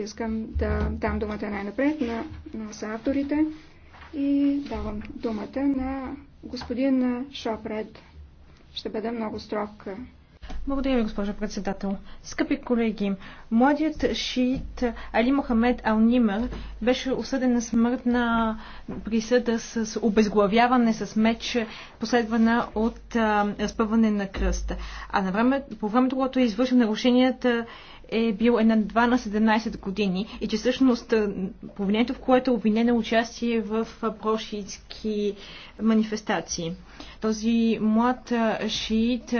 Искам да дам думата най-напред на, на авторите и давам думата на господин Шопред. Ще бъда много строг. Благодаря ви, госпожо председател. Скъпи колеги, младият шиит Али Мохамед Алнимер беше осъден на смъртна присъда с обезглавяване с меч, последвана от а, разпъване на кръста. А на време, по времето, когато е извършил нарушенията, е бил една 2 на 17 години и че всъщност повинението, в което е обвинено е участие в прошитски манифестации. Този млад шиит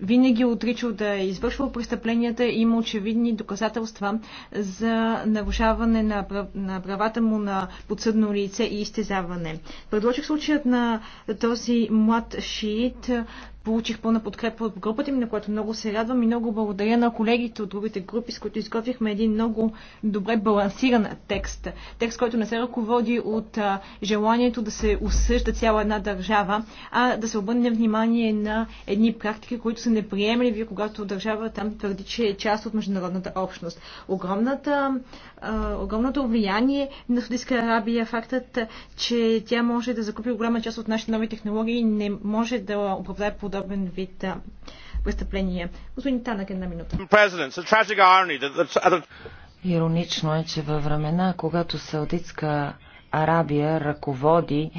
винаги Види е отричал да е извършвал престъпленията, има очевидни доказателства за нарушаване на, прав... на правата му на подсъдно лице и изтезаване. Предложих случаят на този млад шиит получих пълна подкрепа от групата ми, на което много се радвам и много благодаря на колегите от другите групи, с които изготвихме един много добре балансиран текст. Текст, който не се ръководи от а, желанието да се осъжда цяла една държава, а да се обърне внимание на едни практики, които са неприемливи, когато държава там твърди, че е част от международната общност. Огромната, а, огромното влияние на Судийска Арабия, фактът, че тя може да закупи голяма част от нашите нови технологии, не може да оправдае под подобен вид престъпления. Господин Танък, една минута. Иронично е, че във времена, когато Саудитска Арабия ръководи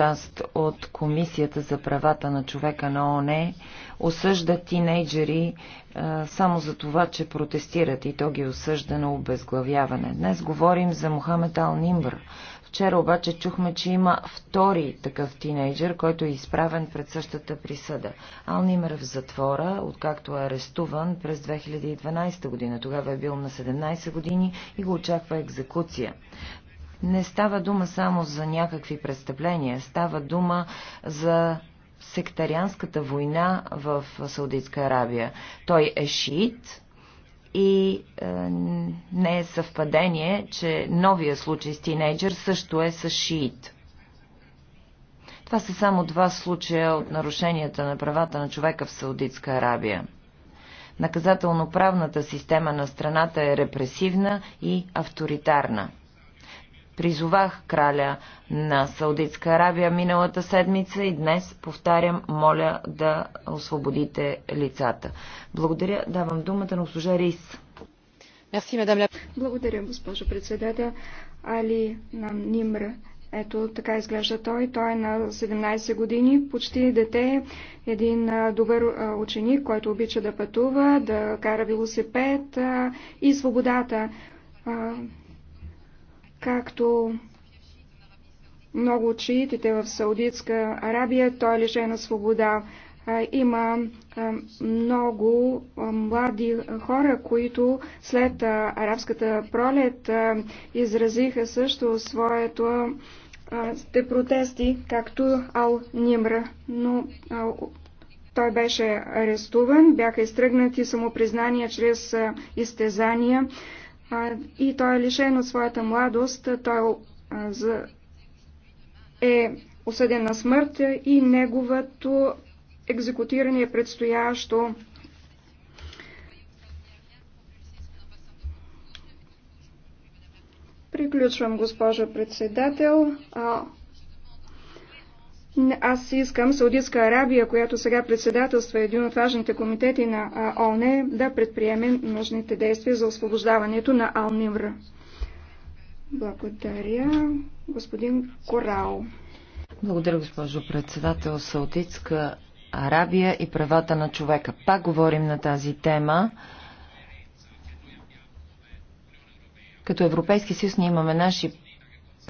част от Комисията за правата на човека на ООН осъжда тинейджери а, само за това, че протестират и то ги е осъжда на обезглавяване. Днес говорим за Мохамед Ал Нимбър. Вчера обаче чухме, че има втори такъв тинейджер, който е изправен пред същата присъда. Ал Нимбър е в затвора, откакто е арестуван през 2012 година. Тогава е бил на 17 години и го очаква екзекуция не става дума само за някакви престъпления, става дума за сектарианската война в Саудитска Арабия. Той е шиит и е, не е съвпадение, че новия случай с тинейджър също е с шиит. Това са само два случая от нарушенията на правата на човека в Саудитска Арабия. Наказателно-правната система на страната е репресивна и авторитарна. Призовах краля на Саудитска Арабия миналата седмица и днес, повтарям, моля да освободите лицата. Благодаря. Давам думата на госпожа Рис. Благодаря, госпожо председател. Али нам Нимр, Ето така изглежда той. Той е на 17 години, почти дете, един добър ученик, който обича да пътува, да кара велосипед и свободата. Както много от шиитите в Саудитска Арабия, той е лишен на свобода. Има много млади хора, които след арабската пролет изразиха също своето те протести, както Ал Нимра, но той беше арестуван, бяха изтръгнати самопризнания чрез изтезания и той е лишен от своята младост, той е осъден на смърт и неговото екзекутиране е предстоящо. Приключвам, госпожа председател. Аз искам Саудитска Арабия, която сега председателства е един от важните комитети на ОНЕ, да предприеме нужните действия за освобождаването на ал Благодаря, господин Корал. Благодаря, госпожо председател. Саудитска Арабия и правата на човека. Пак говорим на тази тема. Като Европейски съюз ние имаме наши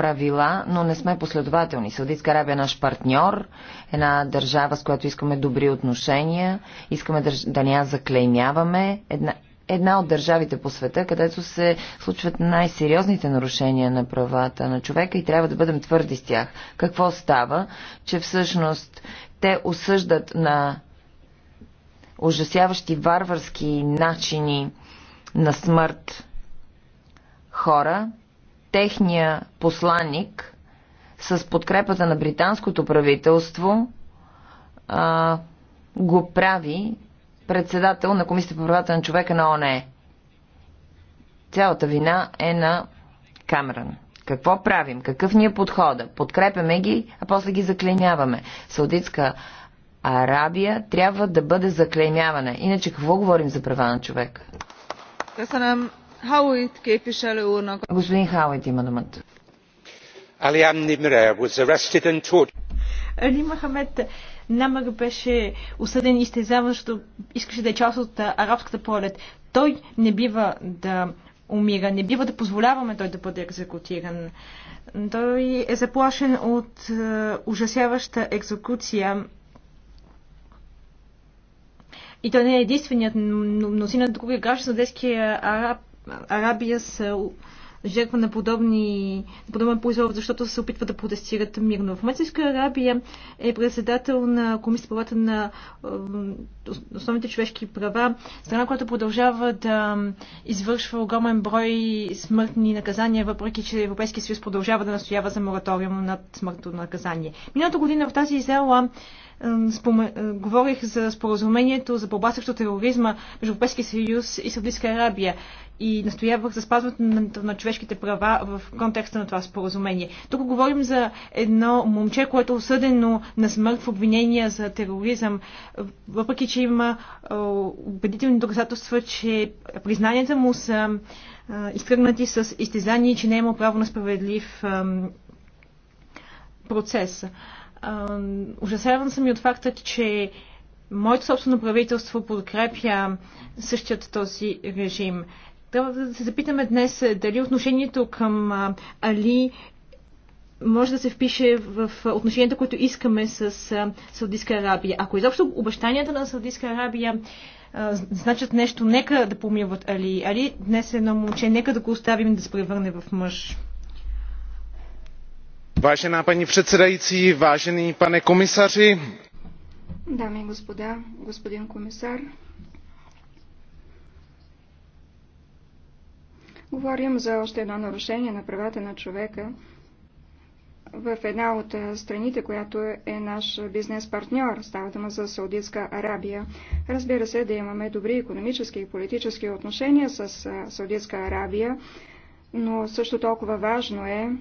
правила, но не сме последователни. Саудитска Арабия е наш партньор, една държава, с която искаме добри отношения, искаме да, да ни я заклеймяваме. Една, една от държавите по света, където се случват най-сериозните нарушения на правата на човека и трябва да бъдем твърди с тях. Какво става? Че всъщност те осъждат на ужасяващи варварски начини на смърт хора, техния посланник с подкрепата на британското правителство а, го прави председател на Комисията по правата на човека на ОНЕ. Цялата вина е на Камерън. Какво правим? Какъв ни е подхода? Подкрепяме ги, а после ги заклиняваме. Саудитска Арабия трябва да бъде заклеймявана. Иначе какво говорим за права на човека? Господин Хауит има думата. Али Махамед Намър беше осъден и изтезаван, защото искаше да е част от арабската полет. Той не бива да умира. Не бива да позволяваме той да бъде екзекутиран. Той е заплашен от ужасяваща екзекуция. И той не е единственият, но на други граждани за детския Араб, Арабия са жертва на подобни, подобен произвол, защото се опитват да протестират мирно. В Мъцинска Арабия е председател на Комисията правата на основните човешки права, страна, която продължава да извършва огромен брой смъртни наказания, въпреки че Европейския съюз продължава да настоява за мораториум над смъртно наказание. Миналата година в тази зала споме... говорих за споразумението за борба срещу тероризма между Европейския съюз и Саудитска Арабия и настоявах за спазването на, на човешките права в контекста на това споразумение. Тук говорим за едно момче, което е осъдено на смърт в обвинения за тероризъм, въпреки че има убедителни доказателства, че признанията му са изтръгнати с изтезания, че не е имал право на справедлив процес. Ужасяван съм и от факта, че моето собствено правителство подкрепя същият този режим. Трябва да се запитаме днес дали отношението към Али може да се впише в отношенията, които искаме с Саудитска Арабия. Ако изобщо обещанията на Саудитска Арабия значат нещо, нека да помилват Али. Али днес е едно момче, нека да го оставим да се превърне в мъж. Vážená paní předsedající, vážený pane komisaři. Дами и господа, господин комисар, говорим за още едно нарушение на правата на човека в една от страните, която е наш бизнес партньор. Става дума за Саудитска Арабия. Разбира се, да имаме добри економически и политически отношения с Саудитска Арабия, но също толкова важно е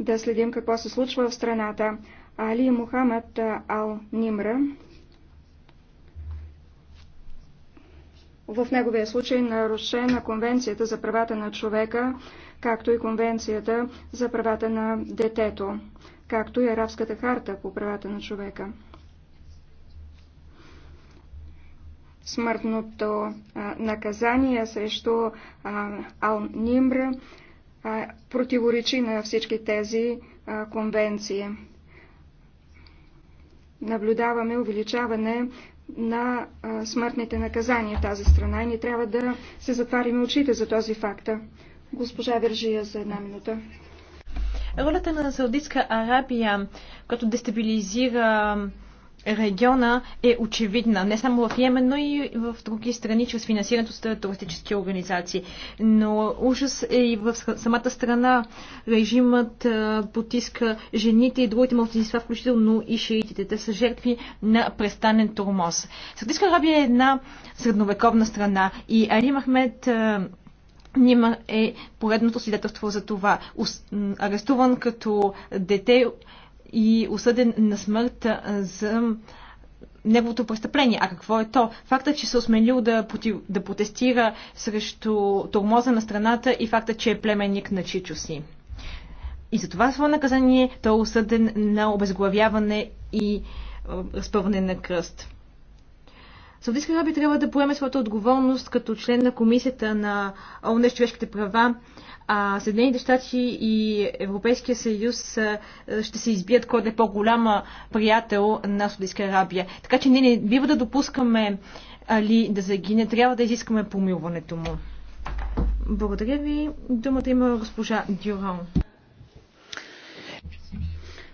да следим какво се случва в страната. Али Мухамед Ал Нимра. В неговия случай нарушена Конвенцията за правата на човека, както и Конвенцията за правата на детето, както и Арабската харта по правата на човека. Смъртното наказание срещу Ал Нимра противоречи на всички тези конвенции. Наблюдаваме увеличаване на смъртните наказания в тази страна и ни трябва да се затваряме очите за този факт. Госпожа Вержия за една минута. Ролята на Саудитска Арабия, като дестабилизира региона е очевидна. Не само в Йемен, но и в други страни, чрез финансирането с туристически организации. Но ужас е и в самата страна. Режимът потиска жените и другите младсинства, включително и шиитите. Те са жертви на престанен тормоз. Саудитска Арабия е една средновековна страна и Али Махмед Нима е поредното свидетелство за това. Арестуван като дете и осъден на смърт за неговото престъпление. А какво е то? Факта, че се осмелил да, против, да протестира срещу тормоза на страната и факта, че е племенник на Чичо си. И за това свое наказание той е осъден на обезглавяване и разпъване на кръст. Саудитска Арабия трябва да поеме своята отговорност като член на комисията на ООН човешките права, а Съединените щати и Европейския съюз ще се избият кой да е по-голяма приятел на Саудитска Арабия. Така че ние не бива да допускаме Али да загине, трябва да изискаме помилването му. Благодаря ви. Думата има госпожа Дюрон.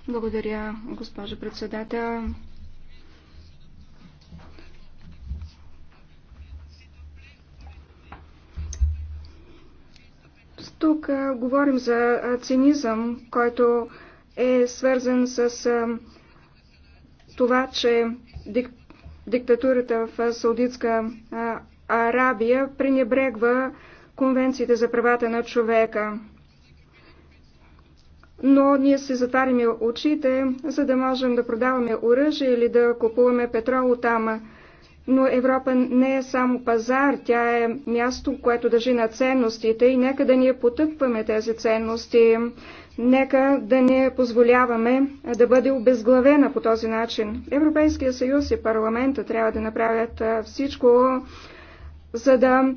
Благодаря, госпожо председател. Тук а, говорим за а, цинизъм, който е свързан с а, това, че дик, диктатурата в Саудитска Арабия пренебрегва конвенциите за правата на човека. Но ние си затваряме очите, за да можем да продаваме оръжие или да купуваме петрол от там. Но Европа не е само пазар, тя е място, което държи на ценностите и нека да ние потъпваме тези ценности. Нека да не позволяваме да бъде обезглавена по този начин. Европейския съюз и парламента трябва да направят всичко, за да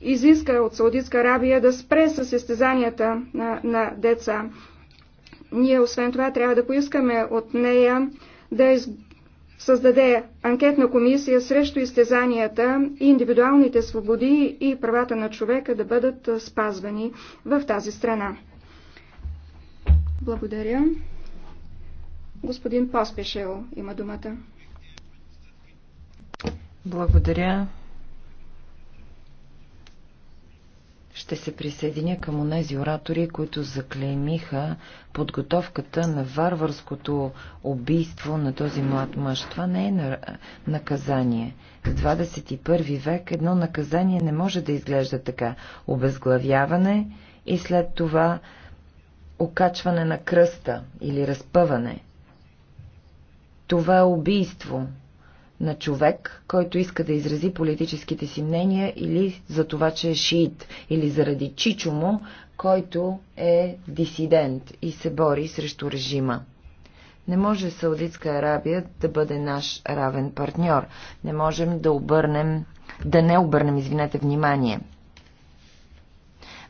изиска от Саудитска Арабия да спре с състезанията на, на деца. Ние, освен това, трябва да поискаме от нея да изглавяме създаде анкетна комисия срещу изтезанията и индивидуалните свободи и правата на човека да бъдат спазвани в тази страна. Благодаря. Господин Поспешел има думата. Благодаря. ще се присъединя към онези оратори, които заклеймиха подготовката на варварското убийство на този млад мъж. Това не е наказание. В 21 век едно наказание не може да изглежда така. Обезглавяване и след това окачване на кръста или разпъване. Това е убийство, на човек, който иска да изрази политическите си мнения или за това, че е шиит, или заради чичо му, който е дисидент и се бори срещу режима. Не може Саудитска Арабия да бъде наш равен партньор. Не можем да обърнем, да не обърнем, извинете, внимание.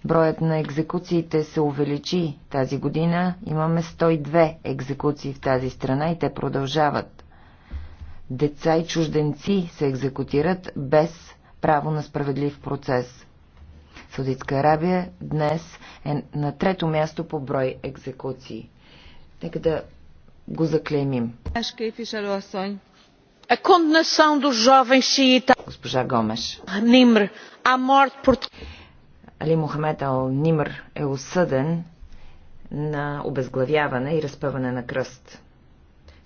Броят на екзекуциите се увеличи. Тази година имаме 102 екзекуции в тази страна и те продължават. Деца и чужденци се екзекутират без право на справедлив процес. Саудитска Арабия днес е на трето място по брой екзекуции. Нека да го заклеймим. Госпожа Гомеш. Али Мохамед Ал Нимр е осъден на обезглавяване и разпъване на кръст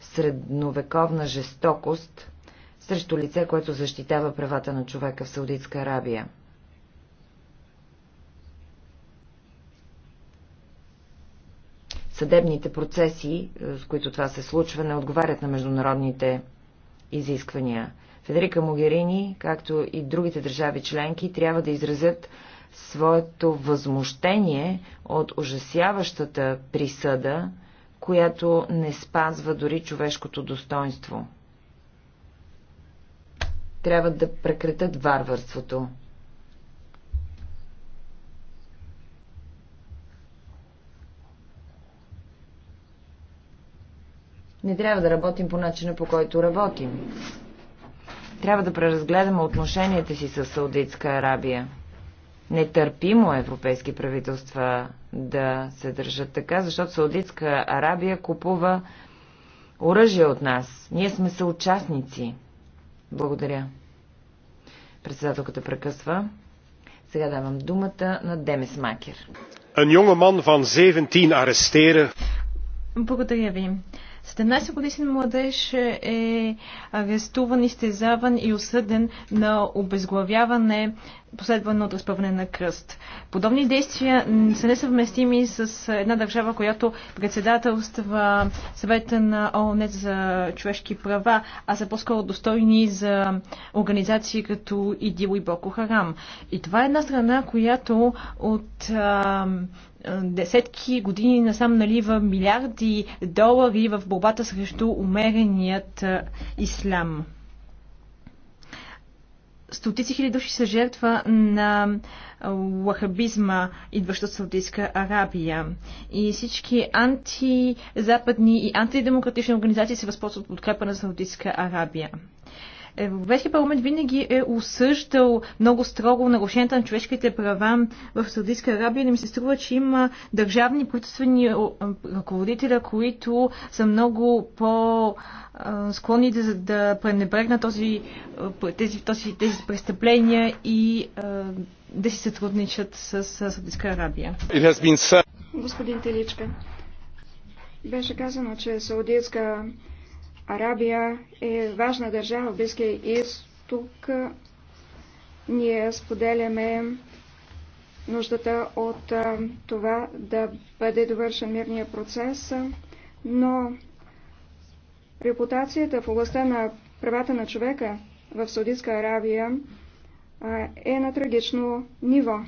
средновековна жестокост срещу лице, което защитава правата на човека в Саудитска Арабия. Съдебните процеси, е, с които това се случва, не отговарят на международните изисквания. Федерика Могерини, както и другите държави членки, трябва да изразят своето възмущение от ужасяващата присъда която не спазва дори човешкото достоинство. Трябва да прекратят варварството. Не трябва да работим по начина, по който работим. Трябва да преразгледаме отношенията си с Саудитска Арабия нетърпимо европейски правителства да се държат така, защото Саудитска Арабия купува оръжие от нас. Ние сме съучастници. Благодаря. Председателката прекъсва. Сега давам думата на Демес Макер. Een jongeman van 17 arresteren. Благодаря ви. 17 годишен младеж е арестуван, изтезаван и осъден на обезглавяване, последвано от разпъване на кръст. Подобни действия са несъвместими с една държава, която председателства съвета на ООН за човешки права, а са по-скоро достойни за организации като ИДИЛ и Боко Харам. И това е една страна, която от е, десетки години насам налива милиарди долари в борбата срещу умереният е, ислям. Стотици хиляди души са жертва на лахабизма, е, идващ от Саудитска Арабия. И всички антизападни и антидемократични организации се възползват от подкрепа на Саудитска Арабия. Европейския парламент винаги е осъждал много строго нарушенията на човешките права в Саудитска Арабия. Не ми се струва, че има държавни правителствени ръководителя, които са много по склонни да, да пренебрегнат този, тези, този, тези престъпления и да си сътрудничат с Саудитска Арабия. Господин Теличка, беше казано, че Саудитска Арабия е важна държава в Близкия изток. Ние споделяме нуждата от това да бъде довършен мирния процес, но репутацията в областта на правата на човека в Саудитска Аравия е на трагично ниво.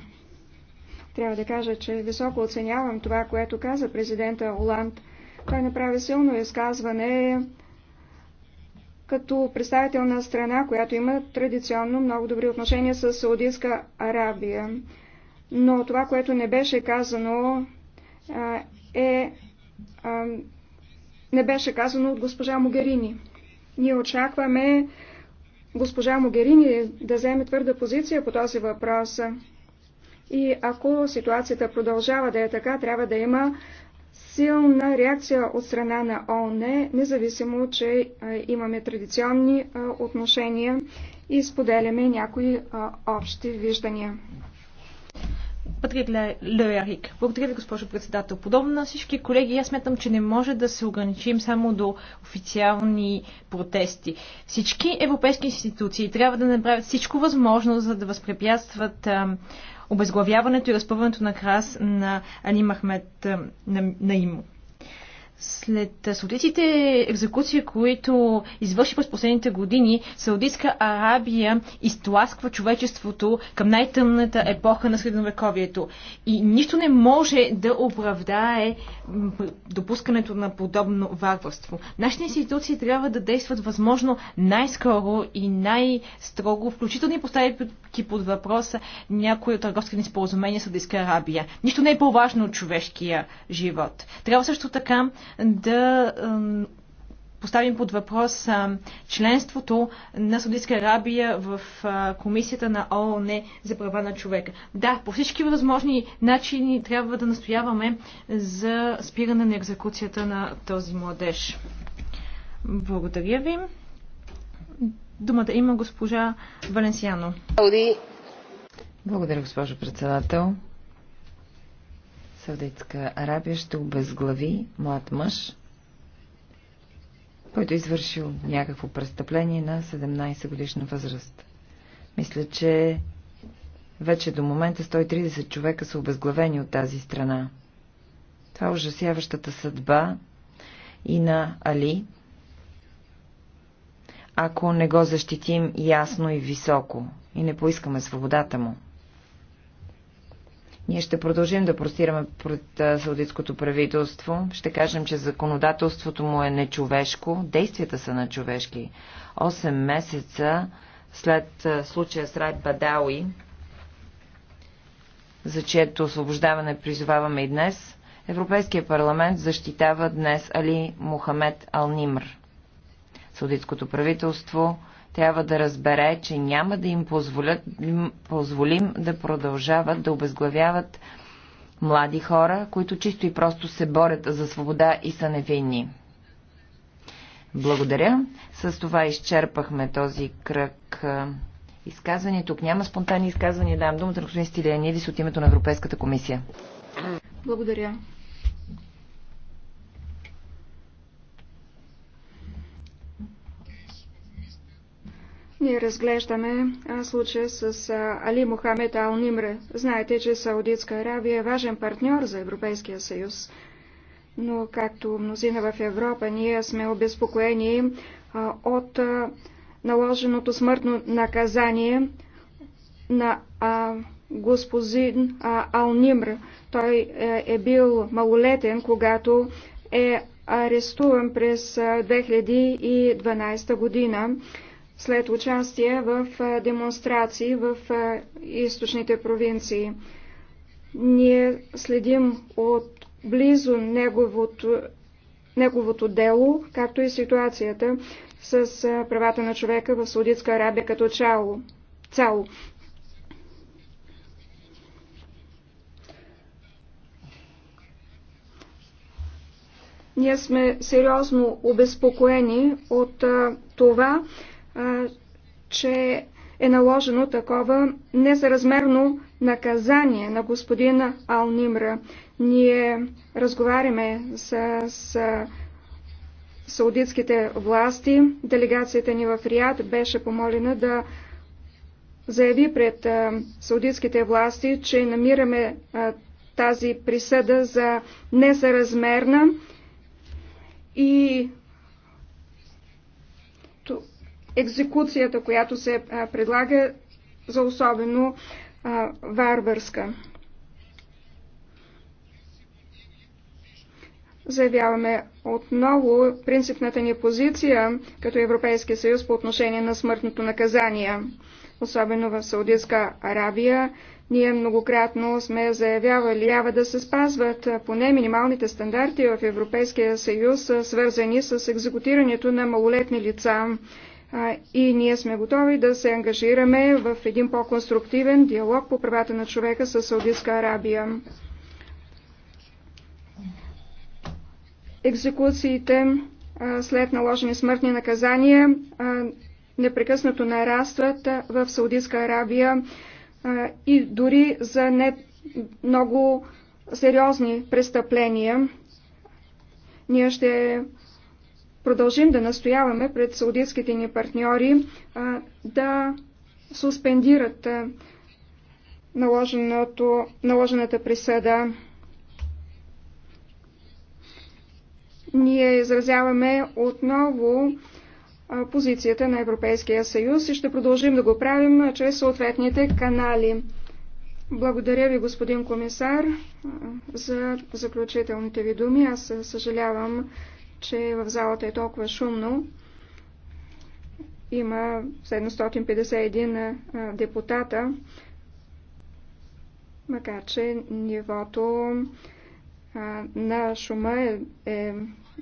Трябва да кажа, че високо оценявам това, което каза президента Оланд. Той направи силно изказване като представител на страна, която има традиционно много добри отношения с Саудитска Арабия. Но това, което не беше казано, е, не беше казано от госпожа Могерини. Ние очакваме госпожа Могерини да вземе твърда позиция по този въпрос. И ако ситуацията продължава да е така, трябва да има силна реакция от страна на ООН, независимо, че е, имаме традиционни е, отношения и споделяме някои е, общи виждания. Патрик Леярик. Благодаря ви, госпожо председател. Подобно на всички колеги, аз смятам, че не може да се ограничим само до официални протести. Всички европейски институции трябва да направят всичко възможно, за да възпрепятстват ам, обезглавяването и разпъването на крас на Али Махмед Наимо. След саудитските екзекуции, които извърши през последните години, Саудитска Арабия изтласква човечеството към най-тъмната епоха на средновековието. И нищо не може да оправдае допускането на подобно варварство. Нашите институции трябва да действат възможно най-скоро и най-строго, включително и поставяйки под въпроса някои от търговските споразумения с Саудитска Арабия. Нищо не е по-важно от човешкия живот. Трябва също така да поставим под въпрос членството на Саудитска Арабия в Комисията на ООН за права на човека. Да, по всички възможни начини трябва да настояваме за спиране на екзекуцията на този младеж. Благодаря ви. Думата има госпожа Валенсиано. Благодаря, госпожо председател. Саудитска Арабия ще обезглави млад мъж, който е извършил някакво престъпление на 17 годишна възраст. Мисля, че вече до момента 130 човека са обезглавени от тази страна. Това е ужасяващата съдба и на Али, ако не го защитим ясно и високо и не поискаме свободата му. Ние ще продължим да простираме пред саудитското правителство. Ще кажем, че законодателството му е нечовешко, действията са на човешки. месеца след случая с Райт Бадауи, за чието освобождаване призоваваме и днес, Европейския парламент защитава днес Али Мухамед Алнимр. Саудитското правителство трябва да разбере, че няма да им позволят, позволим да продължават да обезглавяват млади хора, които чисто и просто се борят за свобода и са невинни. Благодаря. С това изчерпахме този кръг изказвания. Тук няма спонтанни изказвания. Давам думата на господин Нивис от името на Европейската комисия. Благодаря. Ние разглеждаме случая с Али Мухамед Ал Нимре. Знаете, че Саудитска Аравия е важен партньор за Европейския съюз. Но както мнозина в Европа, ние сме обезпокоени от наложеното смъртно наказание на господин Ал Нимр. Той е, е бил малолетен, когато е арестуван през 2012 година след участие в демонстрации в източните провинции. Ние следим от близо неговото, неговото дело, както и ситуацията с правата на човека в Саудитска Арабия като чало, цяло. Ние сме сериозно обезпокоени от това, че е наложено такова несъразмерно наказание на господина Алнимра. Ние разговаряме с, с саудитските власти. Делегацията ни в Риад беше помолена да заяви пред саудитските власти, че намираме тази присъда за несъразмерна и екзекуцията, която се предлага за особено варварска. Заявяваме отново принципната ни позиция като Европейски съюз по отношение на смъртното наказание. Особено в Саудитска Арабия ние многократно сме заявявали, трябва да се спазват поне минималните стандарти в Европейския съюз, свързани с екзекутирането на малолетни лица и ние сме готови да се ангажираме в един по-конструктивен диалог по правата на човека с Саудитска Арабия. Екзекуциите след наложени смъртни наказания непрекъснато нарастват в Саудитска Арабия и дори за не много сериозни престъпления. Ние ще продължим да настояваме пред саудитските ни партньори а, да суспендират наложената присъда. Ние изразяваме отново позицията на Европейския съюз и ще продължим да го правим чрез съответните канали. Благодаря ви, господин комисар, за заключителните ви думи. Аз съжалявам, че в залата е толкова шумно. Има 751 депутата, макар че нивото на шума е, е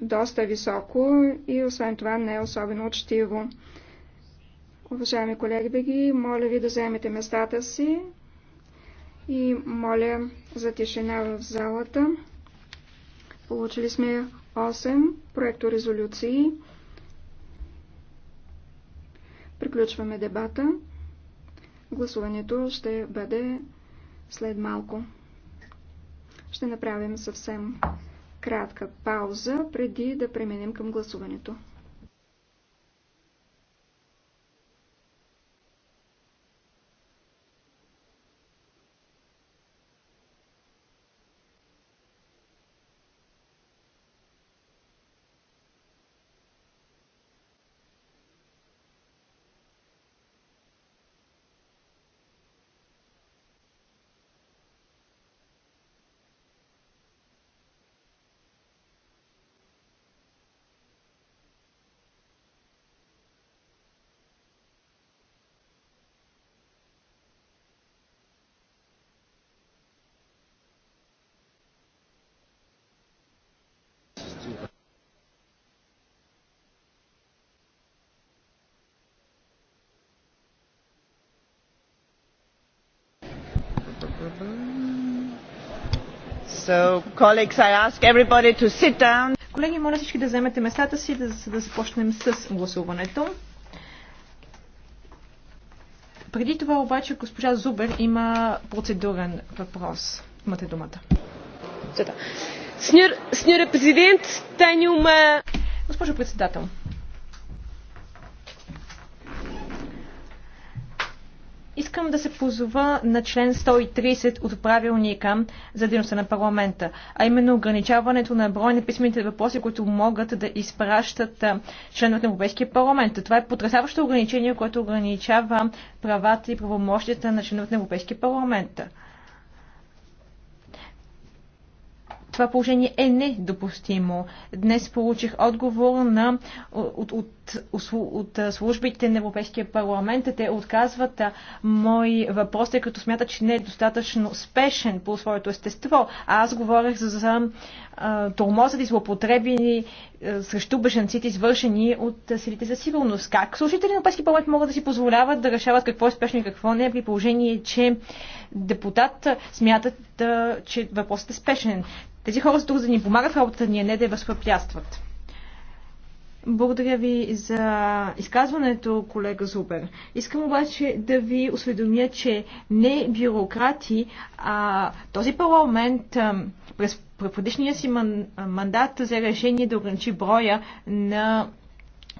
доста високо и освен това не е особено учтиво. Уважаеми колеги, беги, моля ви да вземете местата си и моля за тишина в залата. Получили сме 8 резолюции. Приключваме дебата. Гласуването ще бъде след малко. Ще направим съвсем кратка пауза преди да преминем към гласуването. So, colleagues, I ask everybody to sit down. Колеги, моля всички да вземете местата си, да, да започнем с гласуването. Преди това обаче госпожа Зубер има процедурен въпрос. Имате думата. Сеньор президент, теню Госпожо председател, Искам да се позова на член 130 от правилника за дейността на парламента, а именно ограничаването на брой на писмените въпроси, които могат да изпращат членовете на Европейския парламент. Това е потрясаващо ограничение, което ограничава правата и правомощията на членовете на Европейския парламент. Това положение е недопустимо. Днес получих отговор на, от, от от службите на Европейския парламент. Те отказват мои въпроси, като смятат, че не е достатъчно спешен по своето естество. А аз говорех за, за тормозът и злоупотреби срещу бежанците, извършени от силите за сигурност. Как служители на Европейския парламент могат да си позволяват да решават какво е спешно и какво не, при положение, че депутат смятат, че въпросът е спешен. Тези хора са тук да ни помагат в работата ние не да я възпрепятстват. Благодаря ви за изказването, колега Зубер. Искам обаче да ви осведомя, че не бюрократи, а този парламент през предишния си мандат за решение да ограничи броя на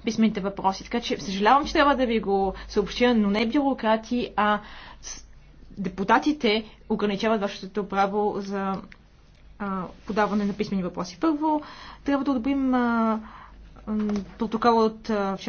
писмените въпроси. Така че съжалявам, че трябва да ви го съобщя, но не бюрократи, а депутатите ограничават вашето право за подаване на писмени въпроси. Първо, трябва да отбим протокола от